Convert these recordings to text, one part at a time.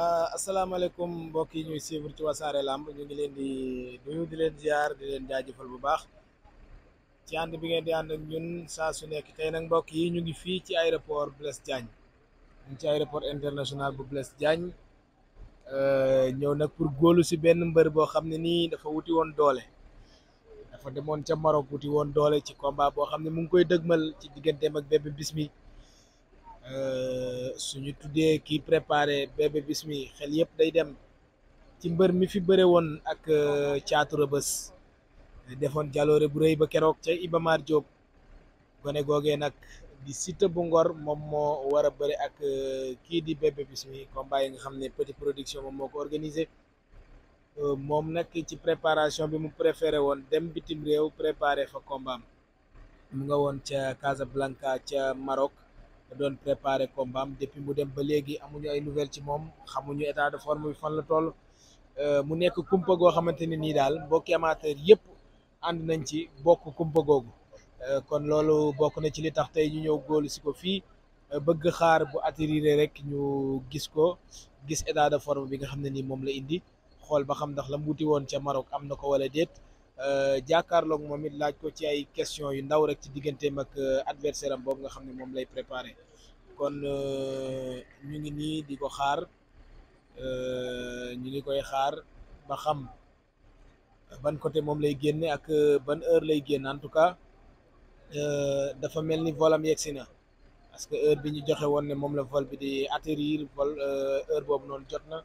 Euh, asalaamaaleykum mbokk yi ñuy suivre ci wasaare lamb ñu ngi leen di nuyu di leen ziar di leen jaajëfal bu baax ci ànd bi ngeen di ànd ak ñun saa su nekk tey nag mbokk yi ñu ngi fii ci aéroport Blaise Diagne ñu international bu Blaise Diagne euh, ñëw nag pour góolu si benn mbër boo xam ne nii dafa wuti woon doole dafa demoon ca Maroc wuti woon doole ci combat boo xam ne mu ngi koy dëgmal ci digganteem ak Bébé Bismi Euh, suñu tuddee kii préparé bébé bismi xel yëpp day dem ci mbër mi fi bëre woon ak euh, caatu rëbës defoon jaloore bu rëy ba keroog ca Iba Mar gone googee nag di Siteu bu Ngor moom moo war a bëre ak euh, kii di bébé bismi combat yi nga xam ne Petit Production moom moo ko organisé moom nag ci préparation bi mu préféré woon dem bitim réew préparé fa combat am nga woon ca Casablanca ca Maroc da doon préparé combat am depuis mu dem ba léegi amuñu ay nouvelles ci moom xamuñu état de forme bi fan la toll euh, mu nekk kumpa goo xamante ne nii daal mbokki yëpp ànd nañ ci bokk kumpa googu euh, kon loolu bokk na ci li tax tey ñu ñëw góolu si ko fii euh, bëgg xaar bu atterrir rek ñu gis ko gis état de forme bi nga xam ne nii moom la indi xool ba xam ndax la mu wuti woon ca Maroc am na ko wala déet jàkkaarloog moom it laaj ko ci ay question yu ndaw rek ci digganteem ak adversaire am boobu nga xam ne moom lay préparer kon euh, ñu ngi nii di ko xaar euh, ñu ngi koy xaar ba xam ban côté moom lay génne ak euh, ban heure lay génn en tout cas dafa mel ni volam yegsi na parce que heure bi ñu joxe woon ne moom la vol bi di atterrir vol heure boobu noonu jot na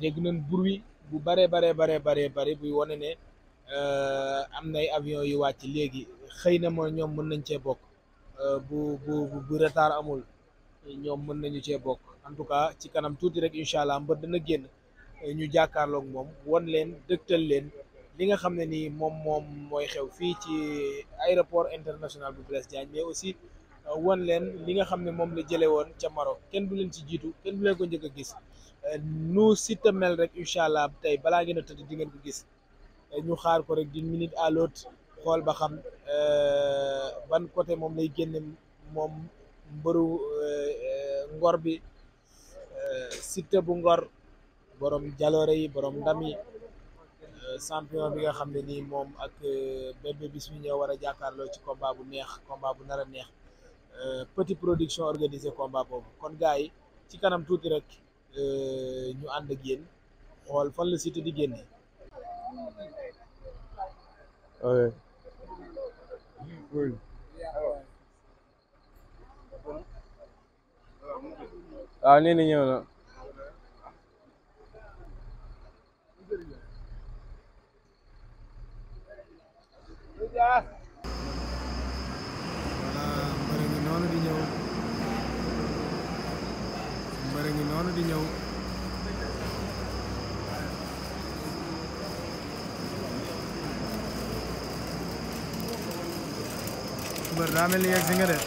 dégg nañ bruit bu bare bare bare bare bare buy wane ne am nay avion yu wàcc léegi xëy na mooy ñoom mën nañ cee bokk bu bu bu retard amul ñoom mën nañu cee bokk en tout cas ci kanam tuuti rek incha allah mbër dana génn ñu jàkkaarloog moom won leen dëgtal leen li nga xam ne nii moom moom mooy xew fii ci aéroport international bu Blaise Diagne mais aussi euh, won leen li nga xam ne moom la jëlee woon ca maro kenn du leen ci jiitu kenn du leen ko njëkk a gis euh, nu Siteu mel rek incha allah tey balaa ngeen a tëdd di ngeen ko gis euh, ñu xaar ko rek di minute à l'autre xool ba xam ban côté moom lay génne moom mbëru eh, eh, ngor bi eh, Siteu bu ngor boroom jaloore yi borom ndam yi champion bi nga xam ne nii moom ak bébé bis mi ñëw war a jàkkaarloo ci combat bu neex combat bu nar a neex petit production organisé komba boobu kon gars yi ci kanam tuuti rek ñu ànd ak yéen xool fan la Siteu di génne. waaw ah, nee na ñëw na voilà mbër ngi noonu di ñëw mbër ngi noonu di ñëw mbër daa mel ni yegg si nga def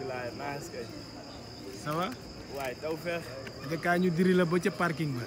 bilaay nice kay. ça waay taw feex. nga kaa diri la ba parking la.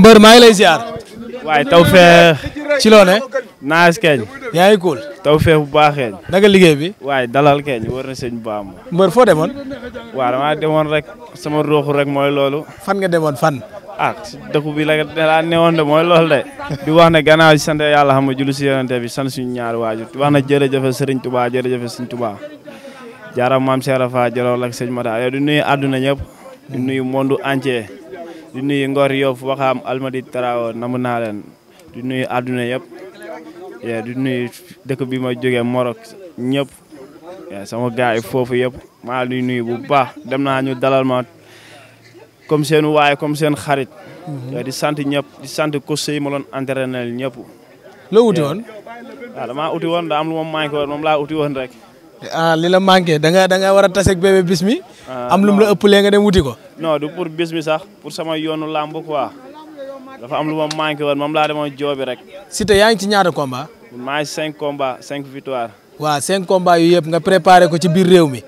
mbër maa ngi lay ziar. waaye taw fee. ci loo ne. naaj keeñ. yaa ngi taw fee bu baax keeñ. naka liggéey bi. waaye dalal keeñ war na sëñ baam. mbër foo demoon. waaw damaa demoon rek sama ruuxu rek mooy loolu. fan nga demoon fan. ak ah, dëkk bi la laa newoon de mooy lool de. di wax ne gannaaw si sant yàlla xam nga julli si yonente bi sant suñu ñaari waajur di wax ne jërëjëf Serigne Touba jërëjëf Serigne Touba. jaaraam maam Cheikh Rafa Jolof ak sëñ Mata yow di nuyu àdduna ñëpp di nuyu monde entier di nuyu Ngor Yoff Waxaam Almadi Taraawo namu naa leen di nuyu àdduna yëpp di nuyu dëkk bii ma jógee Morok ñëpp sama gars foofu yëpp maa di nuyu bu baax dem naa ñu dalal ma comme seen waay comme seen xarit. Mhm. di sant ñëpp di sant conseil yi ma doon entraîné ñëpp. loo uti woon. waaw daa ma manqué woon uti woon rek. ah li la manqué da nga da nga war a taseeg bébé ah, am lu mu la ëppalee nga dem wuti ko. non du pour bis mi sax pour sama yoonu làmb quoi dafa am lu ma manqué woon moom laa demoon joobi rek. Siteu yaa ngi ci ñaata combat. maa ngi cinq combat cinq victoire. waaw cinq combat yu yëpp nga préparé ko ci biir réew mi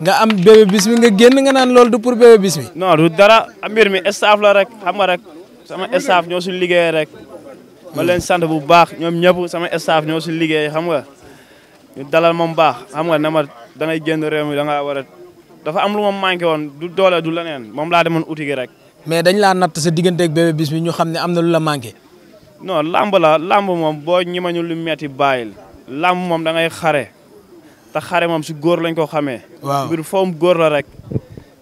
nga am bébé bis mi nga génn nga naan loolu du pour bébé bis mi. non du dara mbir mi staff la rek xam nga rek sama staff ñoo si liggéey rek ma leen sant bu baax ñoom ñëpp sama staff ñoo si liggéey xam ñu dalal ma mu baax xam nga ne ma dangay génn réew mi danga war a dafa am lu ma manqué woon du doole du leneen moom laa demoon uti gi rek. mais dañ laa natt sa digganteeg bébé bis bi ñu xam ne am na lu la manqué. no làmb la làmb moom boo ñimañu lu metti bàyyil làmb moom da ngay xare te xare moom si góor lañ ko xamee. waaw mbir foom góor la rek.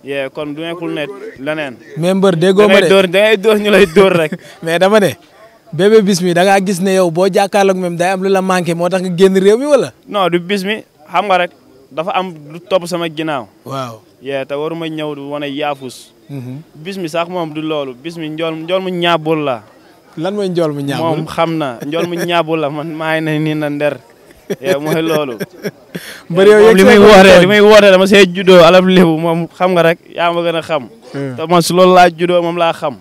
yee kon du nekkul ne leneen. mais mbër déggoo ma de dama ne. Bébé Bismi da ngaa gis ne yow boo jàkkaarloog moom day lu la manqué moo tax nga génn réew mi wala. non du Bismi xam nga rek dafa am lu topp sama ginaaw waaw yee te waruma ñëw du wane yaafus. Mhm. Bismi sax moom di loolu Bismi njool njool mu ñaabul la. lan mooy njool mu ñaabul moom xam na njool mu la man maay na nii na nder. mooy loolu. mbër yow li muy wootee li muy wootee dama see juddoo alam lébu moom xam nga rek yaa ma gën a xam. ma man su loolu laa juddoo moom laa xam.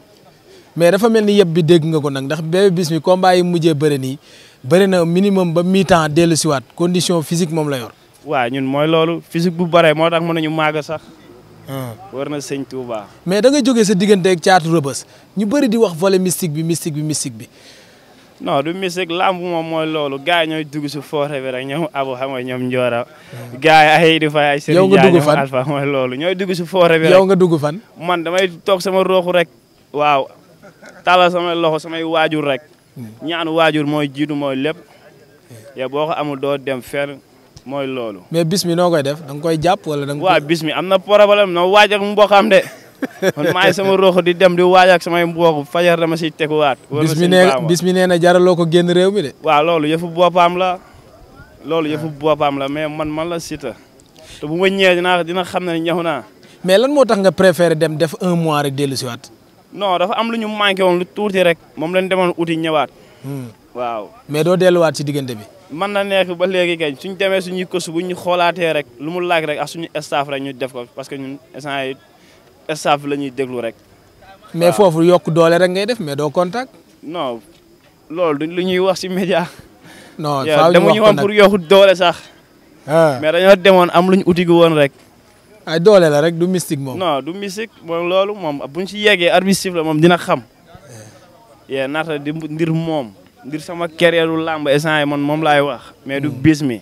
mais dafa mel ni yëpp bi dégg nga ko nag ndax Bébé Bismi combat yi mujjee bëri nii bëri na minimum ba mi-temps dellu siwaat condition physique moom la yor. waaw ñun mooy loolu physique bu bëree moo tax mën nañu màgg sax. Ah. war na sëñ Touba. mais da nga jóge sa diggante ak caatu rëbës ñu bëri di wax volet mystique bi mystique bi mystique bi. non du mystique lamb moom mooy loolu gars ñooy dugg si forêt bi rek ñoom Abu xam ñoom Ndiora. Ah. gars yi ay di fay ay. yow nga dugg fan Serigne loolu ñooy dugg si forêt bi nga dugg fan. man damay toog sama rooxu rek waaw. tàllal samay loxo samay waajur rek hmm. ñaan waajur mooy jiitu mooy lépp hmm. yow boo ko amul doo dem fenn mooy loolu. mais bis mi noo koy def da koy jàpp wala da nga. waaw bis mi am na problème noo waaj ak mboqam de man maay sama roxo di dem di waaj ak samay mboq fajar dama si teguwaat. bis mi nee bis mi nee na jaraloo ko génn réew mi de. waa loolu yëfu boppam la loolu yëfu ah. boppam la mais man man la Siteu te bu ma ñëwee naa dina xam ne ñaxu naa. mais lan moo tax nga préféré dem def un mois rek dellusiwaat. non dafa am lu ñu manqué woon lu tuuti rek moom lañ demoon uti ñëwaat. Hmm. waaw mais doo delluwaat si diggante bi. mën na nekk ba léegi kañ suñ demee suñuy kosu bu ñu xoolaatee rek lu mu laaj rek ak suñu staff rek ñu def ko parce que ñun instant yi staff la ñuy déglu rek. mais foofu yokk doole rek ngay def mais doo contact. non loolu duñ lu ñuy wax si média. no faaw dem wax ko nag demuñu woon pour yokk doole sax. Ah. mais dañoo demoon am luñ uti gu woon rek. ay doole la rek du mystique moom. non du mystique moom loolu moom bu ñu si yeggee arbitre la moom dina xam. Eh. yee naata di ndir moom ndir sama carrière lu làmb instant yi man moom laay wax. mais du hmm. bis mi.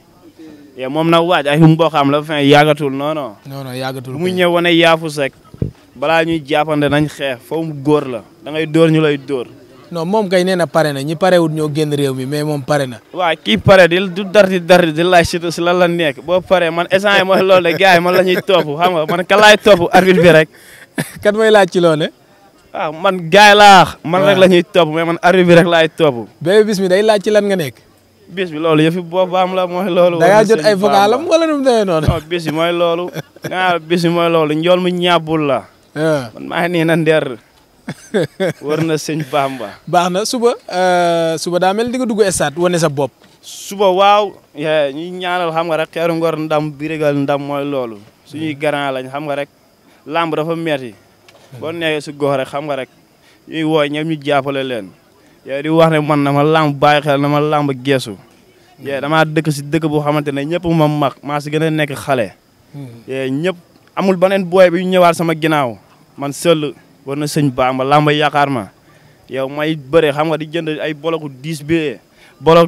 yee moom na waaj ay mboqam la fin yàggatul non non. non non yàggatul mu ñëw wane yaafus rek. balaa ñuy jàppante nañ xeex foofu góor la da ngay dóor ñu lay door non moom kay nee na pare na ñi parewut ñoo génn réew mi mais moom pare na. waa kii pare di du darti di laaj surtout si lan la nekk boo paree man échange mooy loolu de gars yi man la ñuy topp xam nga man ka laay topp arbitre bi rek. kat mooy laaj ci loolu waaw ah, man gars yi man rek ah. la ñuy topp mais man arbitre bi rek laay topp. Bébé Bismi day laaj ci lan nga nekk. bis bi loolu yëfi boppam la mooy loolu. da ngaa jot ay vocalam wala nu mu demee noonu. non bis bi mooy loolu. bis bi mooy loolu njool mu ñaabul la. Ah. man maa ngi nii na war na sëñ Bamba. baax na suba euh, suba daa mel ni nga dugg stade wane sa bopp. suba waaw. Eh, ñu ñaanal xam nga rek xeeru ngor ndam bi régal ndam mooy loolu. suñuy mm. garant lañ xam nga rek. làmb dafa metti boo mm. neexee si gox rek xam nga rek. ñuy wooy ñoom ñu jàppale leen. yaa wax ne man na ma làmb bàyyi na ma làmb geesu. Mm. yaa damaa dëkk si dëkk boo xamante ne ñëpp ma mag maa si gën a nekk xale. Eh, ñëpp amul beneen booy bi ñu ñëwaat sama ginnaaw man seul. war na sëñ Bamba lamba yaakaar ma yow may bëre xam nga di jënd ay bologu dix billet bolo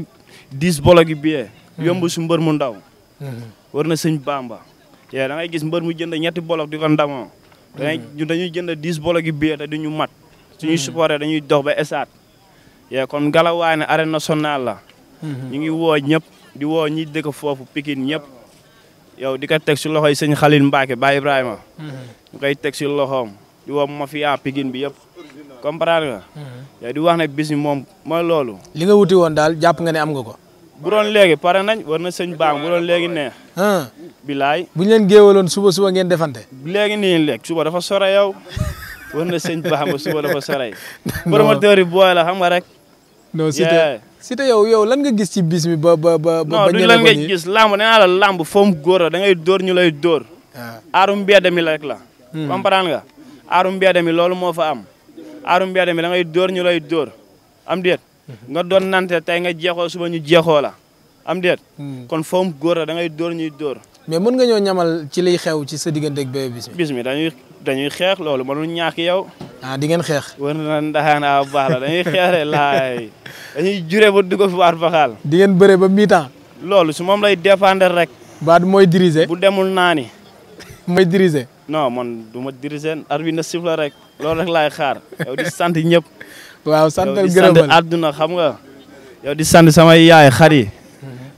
dix bolo yi billet hmm. yomb su mbër mu ndaw hmm. war na sëñ Bamba yow da ngay gis mbër mu jënd ñetti bolo di ko ndamoo dañuy hmm. dañuy jënd dix bolo yi billet te du ñu mat suñuy supporté dañuy dox ba esaat yow kon ngalawaay ne arène nationale la ñu ngi woo ñëpp di woo ñi dëkk foofu Pikine ñëpp yow di ko teg si loxoy sëñ Xalil Mbacke ba Ibrahima ñu koy si loxoom di woo mafia Pikine bi yëpp comprendre nga. Mm-hmm. yow di wax ne bis moom mooy loolu. li nga wuti woon daal jàpp nga ne am nga ko. bu doon léegi pare nañ war na sëñ baam bu doon nee. Hmm. bilaay bu ñu leen géewaloon suba suba ngeen defante. léegi nii lekk suba dafa sore yow war na sëñ baam suba dafa sore. promoteur yi booy la xam nga rek. non Siteu Siteu yow yow lan nga gis ci bis mi ba ba ba. ba ñu lan nga nee naa la lamb foom góor da ngay dóor ñu lay dóor. waaw ah. mi la rek la. Hmm. comprendre nga. aaru mbedd mi loolu moo fa am aaru mbedd mi da ngay dóor ñu lay dóor am mhm. nga doon nante tey nga jeexoo suba ñu jeexoo la am déet hmm. kon foom góor la da ngay dóor ñuy dóor mais mën nga ñoo ñamal ci liy xew ci sa diggante ak bébé bis mi bis mi dañuy dañuy xeex loolu mënul ñàkk yow ah di ngeen xeex war na ndaxaanaa ah, baax la dañuy xeexle laay dañuy jure ba dugg fi di ngeen bëre ba mi loolu su moom lay dépendre rek baa mooy diriger bu demul naani mooy diriger non man du ma diriger ar bi na sif la rek loolu rek laay xaar yow di sant ñëpp. waaw santal gërëmal àdduna xam nga. yow di sant samay yaay xar yi.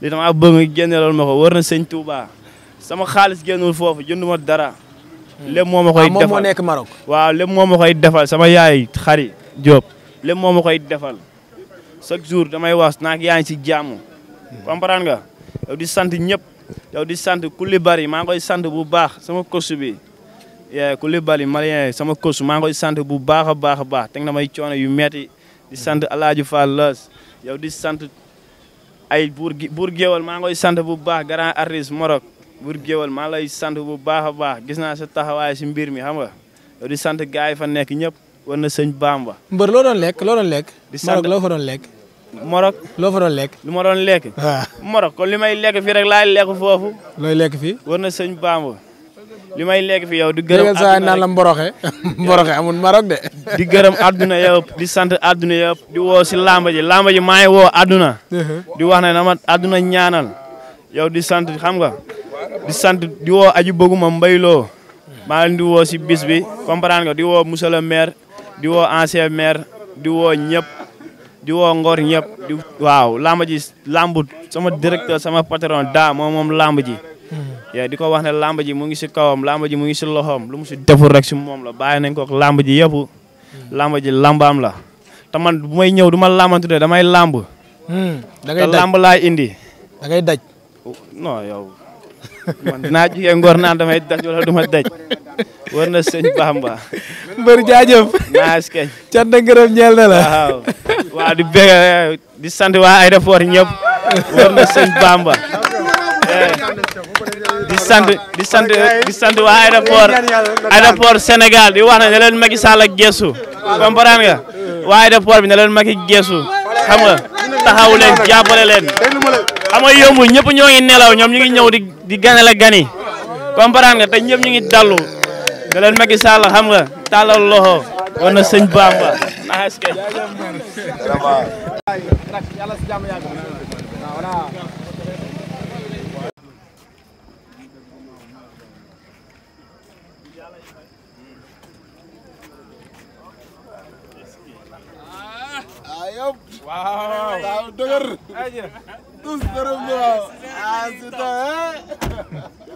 Mhm. li bëgg nga génne loolu ko war na sëñ Touba. sama xaalis génnul foofu jënduma dara. Mhm. lépp moo ma koy defal ah, waaw moom moo nekk Maroc. waaw lépp moo ma koy defal sama yaay xari Diop. lépp moo ma koy defal chaque jour damay wax naag yaa ngi ci jàmm. Mhm. comprendre nga yow di sant ñëpp. yow di sant Koulibaly maa ngi koy sant bu baax sama coach Koulibaly Malien sama coach maa ngi koy sant bu baax a baax a baax teg na may coono yu metti di sant El fa Fall Las di sant ay buur buur géwal maa ngi koy sant bu baax grand artiste Morok buur maa lay sant bu baax a baax gis naa sa taxawaay si mbir mi xam nga di sant gars yi fa nekk ñëpp war na sëñ Bamba. mbër loo doon lekk loo doon lekk. di sant Morok loo fa doon lekk. Morok loo fa doon lekk. lu ma doon lekk. waaw ah. Morok kon li may lekk fi rek laay lekk foofu. looy lekk fii. war li may lekk fi yow di gërëm àdduna saa naan amul marok gërëm àdduna yëpp di sant àdduna yëpp di woo si lamba ji lamba ji maa ngi woo àdduna uh-huh. di wax ne dama àdduna ñaanal yow di sant xam nga di sant di woo aji bëgguma mbayloo maa di woo si bis bi comprendre di woo monsieur le maire di woo ancien maire di woo ñëpp di woo ngor ñëpp waaw lamba ji lambut sama directeur sama patron daa moom moom lamba ji yaa di ko wax ne làmb ji mu ngi si kawam làmb ji mu ngi si loxoom lu mu si deful rek si moom la bàyyi nañ ko làmb ji yëpp hmm. làmb ji làmbaam la te man bu may ñëw du ma làmbantu de damay làmb hmm, da daj te làmb laay indi. da daj. yow man dinaa jugee ngor naan damay daj wala du ma daj war na sëñ Bamba. mbër jaajëf. naas keñ. cant ngërëm ñeel na la. waaw waa di bëgg di sant waa aéroport ñëpp war na sëñ Bamba. Eh. di sant di sant di sant waa aéroport aéroport Sénégal di wax ne na leen Macky Sall ak geesu comprendre nga waa aéroport bi na leen Macky geesu xam nga taxaw leen jàppale leen xam nga yombul ñëpp ñoo ngi nelaw ñoom ñu ngi ñëw di di gane la gani comprendre nga te ñëpp ñu ngi dallu na leen Macky Sall xam nga tàllal loxo war na sëñ Bamba naxas ke waaw waaw dëgër. tous dërëm waaw ah si